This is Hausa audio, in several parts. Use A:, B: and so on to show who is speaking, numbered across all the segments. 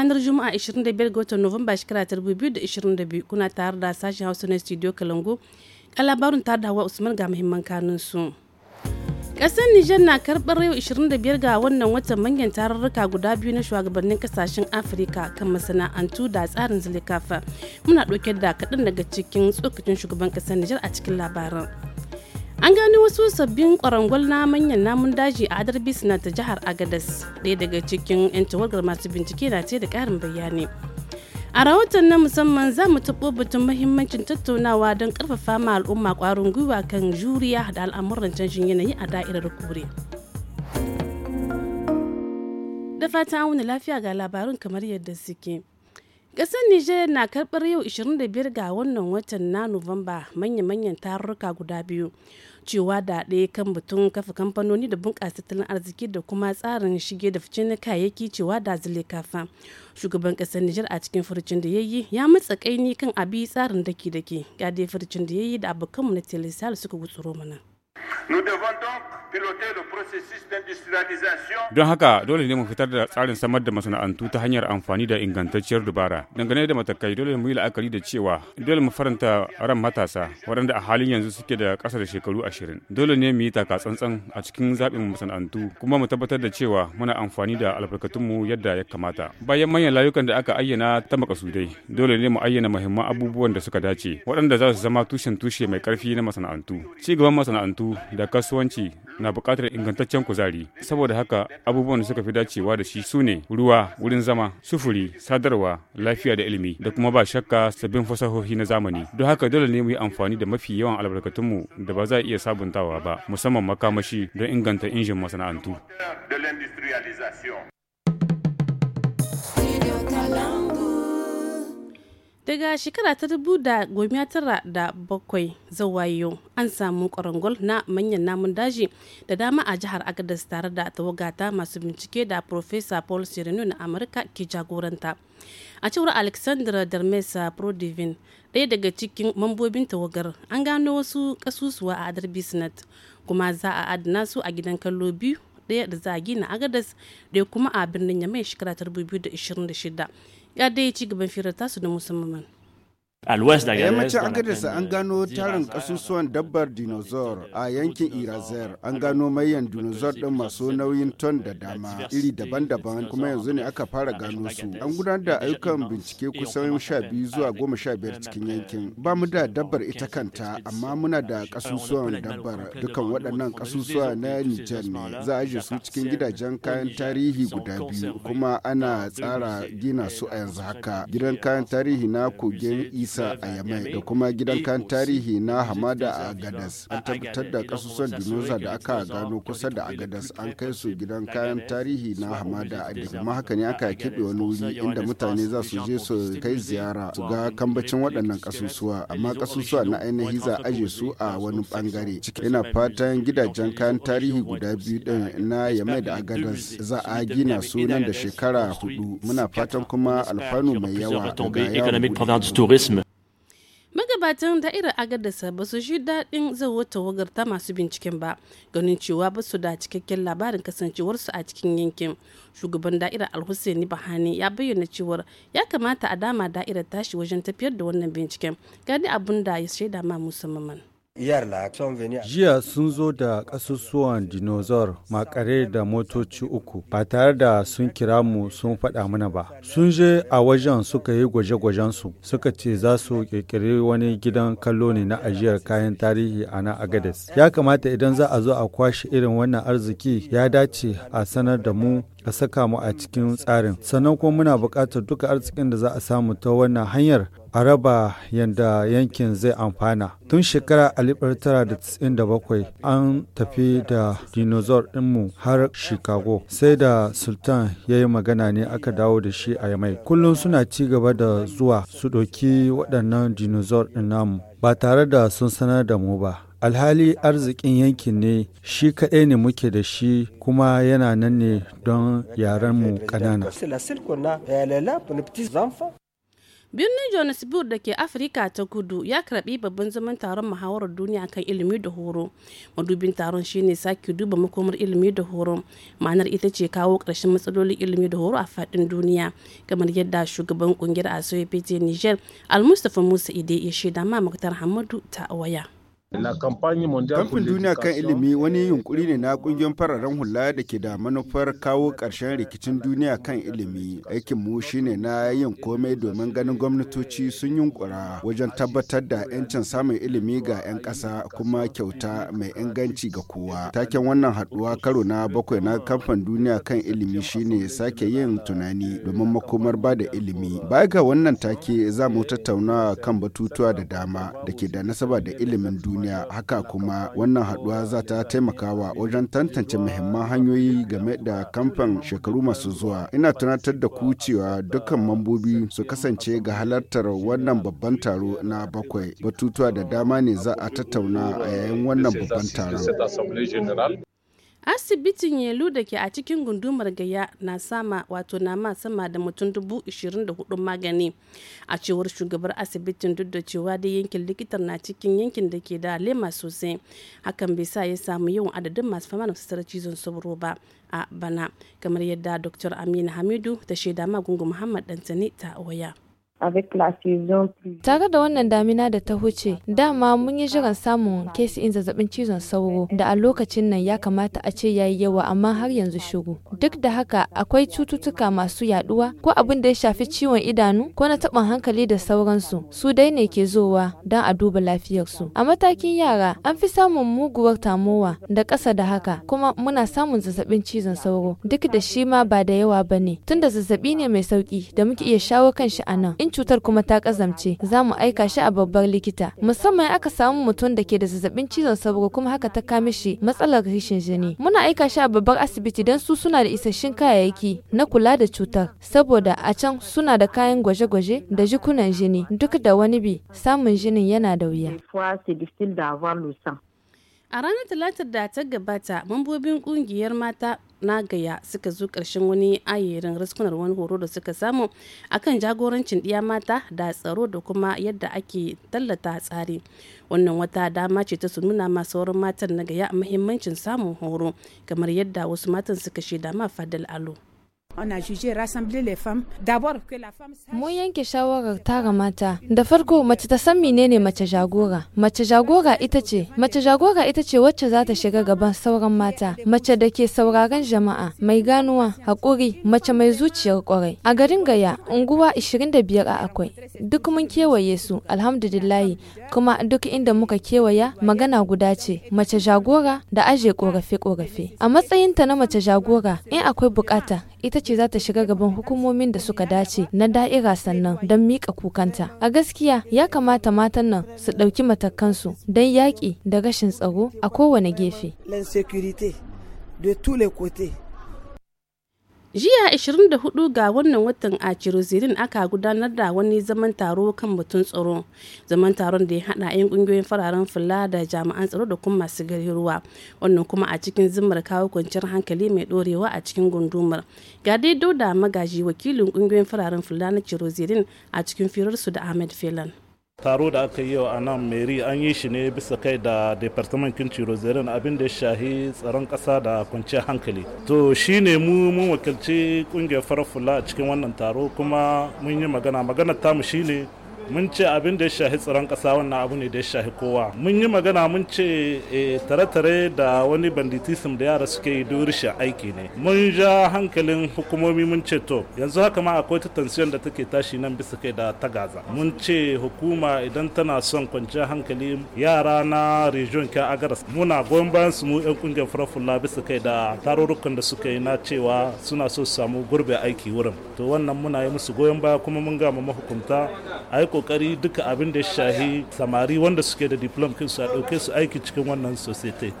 A: ranar Juma'a 25 ga watan Nuwamba shekara 2022 kuna tare da sashen Hausa na Studio kalangu Ka labarin tare da Hawa Usman ga muhimman kanun su. Ƙasar Nijar na karbar yau 25 ga wannan watan manyan tararruka guda biyu na shugabannin kasashen Afirka kan masana'antu da tsarin zulikafa. Muna dauke da kaɗan daga cikin tsokacin shugaban kasar Nijar a cikin labarin. an gani wasu sabbin kwarangwal na manyan namun daji a adar na ta jihar agadas ɗaya daga cikin 'yan tawagar masu bincike na ce da ƙarin bayani a rahoton na musamman za mu taɓo batun mahimmancin tattaunawa don ƙarfafa ma al'umma ƙwarin gwiwa kan juriya da al'amuran canjin yanayi a da'irar kure da fatan wuni lafiya ga labarun kamar yadda suke Ƙasar Nijar na karɓar yau 25 ga wannan watan na Nuwamba manya-manyan tarurruka guda biyu. Cewa da ɗaya kan batun kafa kamfanoni da bunƙasa tattalin arziki da kuma tsarin shige da fice na kayayyaki cewa da zile kafa. Shugaban ƙasar Nijar a cikin furucin da ya yi ya matsa kaini kan abi tsarin daki dake Ga dai furucin da ya yi da abokanmu na Telesal suka gutsuro mana. Nous
B: devons donc
C: Don haka dole ne mu fitar da tsarin samar da masana'antu ta hanyar amfani da ingantacciyar dubara. Dangane da matakai dole mu yi la'akari da cewa dole mu faranta ran matasa waɗanda a halin yanzu suke da ƙasa da shekaru ashirin. Dole ne mu yi taka tsantsan a cikin zaɓin masana'antu kuma mu tabbatar da cewa muna amfani da albarkatunmu yadda ya kamata. Bayan manyan layukan da aka ayyana ta makasudai dole ne mu ayyana muhimman abubuwan da suka dace waɗanda za su zama tushen tushe mai ƙarfi na masana'antu. Ci gaban masana'antu da kasuwanci na buƙatar ingantaccen kuzari saboda haka abubuwan da suka fi dacewa da shi su ne ruwa wurin zama sufuri sadarwa lafiya da ilimi da kuma ba shakka sabbin fasahohi na zamani don haka dole ne mu yi amfani da mafi yawan albarkatunmu da ba za a iya sabuntawa ba musamman makamashi don inganta injin masana'antu.
A: daga shekara ta dubu da goma tara da bakwai zawayo an samu kwarangol na manyan namun daji da dama a jihar agadas tare da tawagata masu bincike da profesa paul sirinu na amurka ke jagoranta a cewar alexandra darmesa prodivin ɗaya daga cikin mambobin tawagar an gano wasu kasusuwa a adar bisnet kuma za a adana su a gidan kallo biyu ɗaya da za a gina agadas ɗaya kuma a birnin yamai shekara 2026 ya dai ci gaban firar tasu da musamman
D: a luwas da yammacin agadarsa an
B: gano eh, tarin kasusuwan dabbar dinosaur a yankin irazer an gano mayan dinosaur din masu nauyin ton da dama iri daban-daban kuma yanzu ne aka fara gano su an gudanar da ayyukan bincike kusan sha zuwa goma sha biyar cikin yankin eh, ba mu da dabbar ita kanta amma muna da kasusuwan dabbar dukan waɗannan kasusuwa na Niger, ne za a su cikin gidajen kayan tarihi guda biyu kuma ana tsara gina eh, su a yanzu haka gidan kayan tarihi na kogin isa a yamai da kuma gidan kan tarihi na hamada a agadas an tabbatar da kasusan dinoza da aka gano kusa da agadas an kai su gidan kayan tarihi na hamada a kuma haka ne aka keɓe wani wuri inda mutane za su je su kai ziyara su ga kambacin waɗannan kasusuwa amma kasusuwa na ainihi za a aje su a wani bangare ina fatan gidajen kayan tarihi guda biyu din na yamai da agadas za a gina su nan da shekara hudu muna fatan kuma alfanu mai yawa daga yawon
A: magabatan da'irar sa ba su shi daɗin zawo tawagar ta masu binciken ba ganin cewa ba su da cikakken labarin kasancewarsu a cikin yankin shugaban da'irar alhussaini bahani ya bayyana cewar ya kamata a dama da'irar tashi wajen tafiyar da wannan binciken gani abun da ya shaida ma musamman
E: Jiya sun zo da ƙasusuwan dinosaur makare da motoci uku ba tare da sun kira mu sun faɗa mana ba. Sun je a wajen suka yi gwaje-gwajensu suka ce za su ƙirƙiri wani gidan kallo ne na ajiyar kayan tarihi a na Agades. Ya kamata idan za a zo a kwashe irin wannan arziki ya dace a sanar da mu a saka mu a cikin tsarin sannan kuma muna buƙatar duka arzikin da za a samu ta wannan hanyar a raba yadda yankin zai amfana tun shekara 1997 an tafi da dinosaur dinmu har chicago sai da sultan ya yi magana ne aka dawo da shi a yamai kullum suna ci gaba da zuwa su ɗauki waɗannan dinosaur ɗin namu ba tare da sun sanar da mu ba alhali arzikin yankin ne shi kaɗai ne muke da shi kuma yana nan ne don mu ƙanana.
A: birnin johannesburg da ke afirka ta kudu ya karbi babban zaman taron muhawarar duniya kan ilimi da horo madubin taron shine sake duba makomar ilimi da horo ma'anar ita ce kawo ƙarshen matsalolin ilimi da horo a fadin duniya kamar yadda shugaban kungiyar asoept niger al-mustapha musa ide ya shaida ma hamadu ta waya
B: Kamfin duniya kan ilimi wani yunkuri ne na kungiyar fararen hula da ke da manufar kawo ƙarshen rikicin duniya kan ilimi. Aikinmu shine na yin komai domin ganin gwamnatoci sun yunkura wajen tabbatar da 'yancin samun ilimi ga 'yan ƙasa kuma kyauta mai inganci ga kowa. Taken wannan haɗuwa karo na bakwai na kamfan duniya kan ilimi shine sake yin tunani domin makomar ba da ilimi. Baya ga wannan take za mu tattauna kan batutuwa da dama da ke da nasaba da ilimin duniya. duniya haka kuma wannan haduwa za ta taimakawa wajen tantance muhimman hanyoyi game da kamfan shekaru masu zuwa ina tunatar da ku cewa dukkan mambobi su kasance ga halartar wannan babban taro na bakwai batutuwa da dama ne za a tattauna a yayin wannan babban taro.
A: asibitin yelu da ke a cikin gundumar gaya na sama wato na ma sama da mutum dubu ishirin da hudun magani a cewar shugabar asibitin duk da cewa da yankin likitar na cikin yankin da ke da lema sosai hakan bai sa ya samu yawan adadin masu fama da sassar cizon sauro ba a bana kamar yadda dr amina hamidu ta shaida magungun muhammad dantani ta waya.
F: Tare da wannan damina da ta huce, dama mun yi jiran samun in zazzabin cizon sauro da a lokacin nan ya kamata a ce ya yi yawa amma har yanzu shiru. Duk da haka akwai cututtuka masu yaduwa ko abin da ya shafi ciwon idanu ko na taɓin hankali da sauransu. Su dai ne ke zowa don a duba lafiyarsu. A matakin yara an fi samun muguwar tamowa da ƙasa da haka kuma muna samun zazzabin cizon sauro duk da shi ma ba da yawa ba ne tunda zazzabi ne mai sauki da muke iya shawo kan shi a nan. cutar kuma ta kazamce za mu aika shi a babbar likita musamman aka samu mutum da ke da zazzabin cizon sauro kuma haka ta kame shi matsalar rashin jini muna aika shi a babbar asibiti don su suna da isasshin kayayyaki na kula da cutar saboda a can suna da kayan gwaje-gwaje da jikunan jini duk da wani bi samun jinin yana da wuya
A: A ranar Talatar da ta gabata, mambobin kungiyar mata na gaya suka zo ƙarshen wani ayyarin riskunar wani horo da suka samu akan jagorancin ɗiya mata da tsaro da kuma yadda ake tallata tsari wannan wata dama ce ta su nuna ma sauran matan nagaya mahimmancin samun horo kamar yadda wasu matan suka shaida ma fadal alo.
F: Mun yanke shawarar tara mata. Da farko mace ta san menene mace jagora. Mace jagora ita ce, mace jagora ita ce wacce za ta shiga gaban sauran mata. Mace da ke sauraron jama'a, mai ganuwa, haƙuri, mace mai zuciyar kwarai A garin Gaya, unguwa 25 a akwai. Duk mun kewaye su, alhamdulillahi, kuma duk inda muka kewaya magana guda ce, mace jagora da aje ƙorafe korafe A matsayinta na mace jagora, in akwai bukata, ita ce za ta shiga gaban hukumomin da suka dace na da'ira sannan don miƙa kukanta. A gaskiya ya kamata matan nan su ɗauki matakansu
A: don yaƙi da rashin tsaro a kowane gefe. jiya 24 ga wannan watan a jerusalem aka gudanar da wani zaman taro kan batun tsaro zaman taron da ya hada 'yan kungiyoyin fararen fula da jami'an tsaro da kuma masu gari ruwa wannan kuma a cikin zimmar kawo kwanciyar hankali mai dorewa a cikin gundumar ga daido da magaji wakilin kungiyoyin fararen fula na jerusalem a cikin firarsu da ahmed felan
D: taro da aka yi yau a nan meri an yi shi ne bisa kai da departament kinci rosarin abin da ya shahi tsaron kasa da kwanciyar hankali to shi ne mu mun wakilci kungiyar farar a cikin wannan taro kuma mun yi magana magana tamu ne. mun ce abin da ya shahi tsaron kasa wannan abu ne da ya shahi kowa mun yi magana mun ce eh, tare-tare da wani banditism da yara suke yi durisha aiki ne mun ja hankalin hukumomi mun ce to yanzu haka ma akwai tattansiyar da take tashi nan bisa kai da ta gaza mun ce hukuma idan tana son kwanciyar hankali yara na region ka agaras muna goyon bayan su mu yan kungiyar farafulla bisa kai da tarurrukan da suka yi na cewa suna so su samu gurbe aiki wurin to wannan muna yi musu goyon baya kuma mun gama mahukunta a yi kokari duka abin da shahi samari wanda suke da diplom kinsu a dauke su aiki cikin wannan society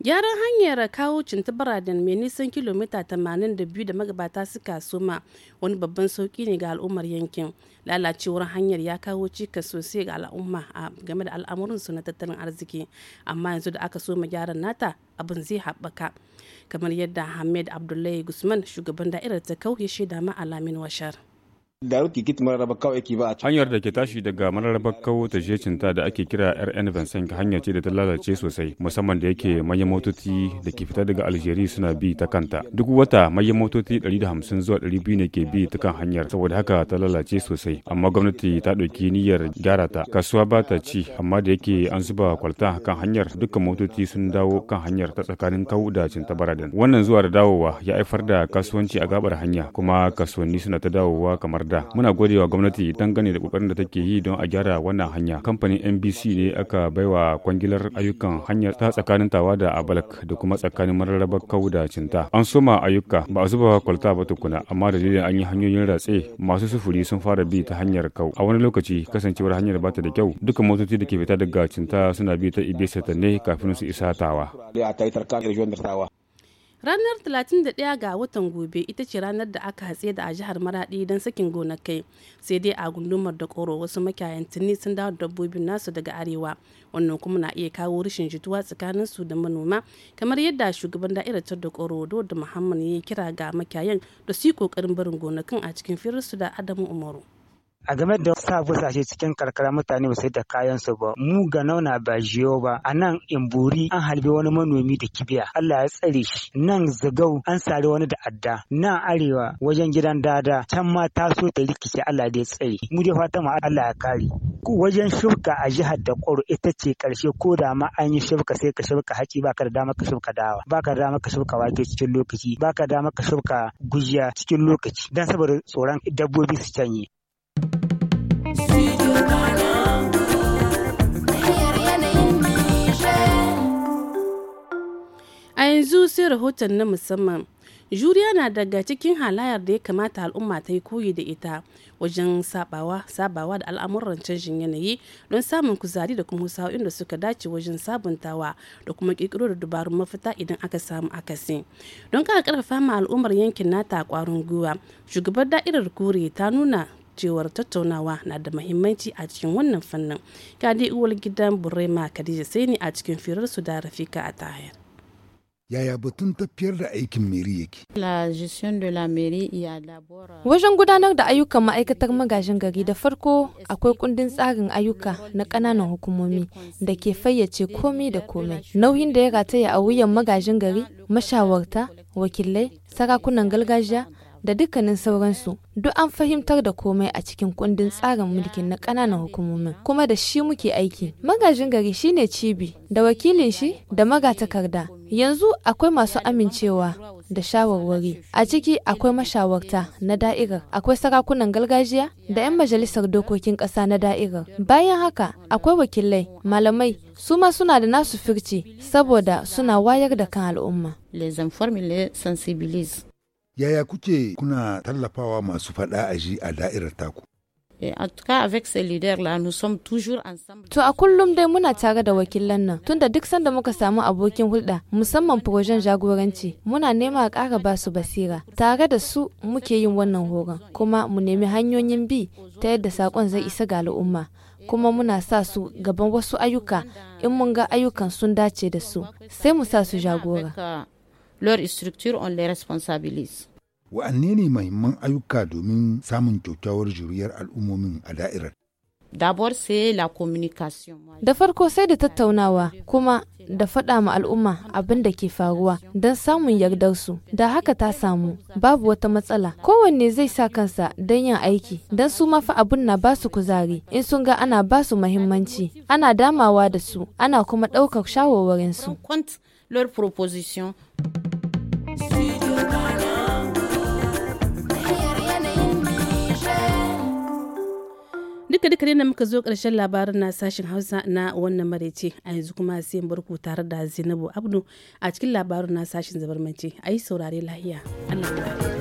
A: gyaran hanyar kawo da mai nisan kilomita 82 da magabata suka soma wani babban sauki ne ga al'ummar yankin lalacewar hanyar ya kawo cika sosai ga al'umma a game da al'amuransu na tattalin arziki amma yanzu da aka soma gyaran nata abin zai haɓaka kamar yadda hamed abdullahi guzman shugaban da'irar ta ya shaida ma alamin washar
C: b'a Hanyar da ke tashi daga mararrabar kawo ta cinta da ake kira RN Vincent hanya ce da ta lalace sosai musamman da yake manyan motoci da ke fita daga Algeria suna bi ta kanta. Duk wata manyan motoci 150 zuwa 200 ne ke bi ta kan hanyar saboda haka ta lalace sosai amma gwamnati ta ɗauki niyyar gyara ta. Kasuwa ba ta ci amma da yake an zuba kwalta kan hanyar dukkan motoci sun dawo kan hanyar ta tsakanin kawo da cinta baradin. Wannan zuwa da dawowa ya haifar da kasuwanci a gabar hanya kuma kasuwanni suna ta dawowa kamar da muna godewa gwamnati dangane da kokarin da take yi don a gyara wannan hanya kamfanin nbc ne aka baiwa kwangilar ayyukan hanyar ta tsakanin tawa da abalak da kuma tsakanin mararrabar kau da cinta an soma ayyuka ba a zuba kwalta ba tukuna amma da dalilin an yi hanyoyin ratse masu sufuri sun fara bi ta hanyar kau a wani lokaci kasancewar hanyar bata da kyau dukkan motoci da ke fita daga cinta suna bi ta ibesa ne kafin su isa tawa
A: ranar 31 ga watan gobe ita ce ranar da aka hatse da a jihar maradi don sakin gonakai sai dai a gundumar da koro wasu makiyayan tuni sun dawo da dabbobin nasu daga arewa wannan kuma na iya kawo rashin jituwa tsakanin su da manoma kamar yadda shugaban da'irar tar da koro da muhammad ya kira ga makiyayan da su yi kokarin barin gonakin a cikin firarsu da adamu
D: umaru a game da sa busashe cikin karkara mutane ba sai da kayan su ba mu ga nauna ba jiyo ba a nan imburi an halbe wani manomi da kibiya Allah ya tsare shi nan zagau an sare wani da adda nan arewa wajen gidan dada can ma taso ta rikice Allah da ya tsare mu dai fata ma Allah ya kare wajen shuka a jihar da kwaro ita ce karshe ko da ma an yi shuka sai ka shirka ba baka da dama ka shuka dawa baka da dama ka shuka wake cikin lokaci baka da dama ka shuka gujiya cikin lokaci dan saboda tsoron dabbobi su canye
A: A yanzu sai rahoton na musamman. Juriya na daga cikin halayar da ya kamata al'umma ta yi koyi da ita wajen sabawa sabawa da al'amuran canjin yanayi don samun kuzari da kuma sa'o'in da suka dace wajen sabuntawa da kuma kirkiro da dubarun mafita idan aka samu akasi. Don kara karfafa ma al'ummar yankin nata a kwarin gwiwa, shugabar da'irar kore ta nuna cewar tattaunawa na da mahimmanci a cikin wannan fannin kadi uwar gidan burema khadija ne a cikin firar su da rafika a tahir
B: yaya batun tafiyar da aikin meri yake.
A: Euh, Wajen gudanar da ayyukan ma'aikatar
F: magajin gari da farko akwai kundin tsarin ayyuka na ƙananan hukumomi da ke fayyace komi da komai. Nauyin da ya rataya a wuyan magajin gari, mashawarta, wakilai, sarakunan gargajiya da dukkanin sauransu duk an fahimtar da komai a cikin kundin tsarin mulkin na ƙananan hukumomin kuma da shi muke aiki magajin gari shine cibi da wakilin shi da magatakarda yanzu akwai masu amincewa da shawarwari a ciki akwai mashawarta na da'irar akwai sarakunan gargajiya da 'yan majalisar dokokin ƙasa na da'irar bayan haka akwai wakilai malamai su ma suna da nasu firci saboda suna wayar da kan al'umma
A: les
B: Yaya kuke kuna tallafawa masu faɗa a ji a da'irar taku?
A: Eh, to a kullum dai muna tare
F: da wakilan nan, tunda duk sanda muka samu abokin hulɗa, musamman projen jagoranci, muna nema a ƙara ba su basira. Tare da su muke yin wannan horon, kuma mu nemi hanyoyin bi ta yadda saƙon zai isa ga al'umma. Kuma muna sa su gaban wasu ayyuka in mun ga ayyukan sun dace da su, sai mu sa su jagora. leur structure,
A: on les responsabilise.
B: Wa'anne ne mahimman ayyuka domin samun kyakkyawar juriyar al'ummomin a da'irar? Dabar c'est la communication.
A: Da farko sai da
F: tattaunawa kuma da faɗa ma al'umma abin da ke faruwa don samun yardar su Da haka ta samu babu wata matsala. Kowanne zai sa kansa don yin aiki don su ma fa abin na ba su kuzari in sun ga ana ba su mahimmanci. Ana damawa da su ana kuma ɗaukar shawarwarinsu.
A: leur proposition. duka duka da muka zo ƙarshen labarin na sashen hausa na wannan maraice a yanzu kuma sai barku tare da zainabu abdu a cikin labarin na sashen zabarmance a yi saurare lahiya allah